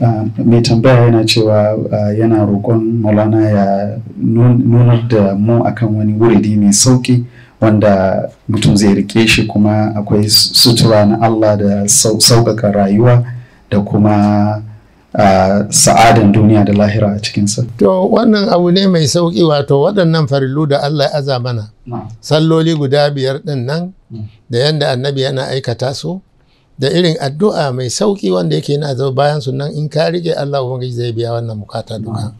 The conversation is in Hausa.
Um, mai tambaya yana cewa uh, yana roƙon maulana ya nunar da mu akan wani wuridi mai sauƙi wanda mutum zai rike shi kuma akwai sutura na Allah da sauƙaƙa rayuwa da kuma uh, sa'adin duniya da lahira a cikinsa. To wannan abu ne mai sauƙi wato waɗannan farillu da Allah ya aza mana. Salloli guda biyar ɗin nan mm. da yadda annabi yana aikata su. da irin addu'a mai sauki wanda yake yana zo bayan sunan in ka rike Allah ubangiji zai biya wannan bukata duka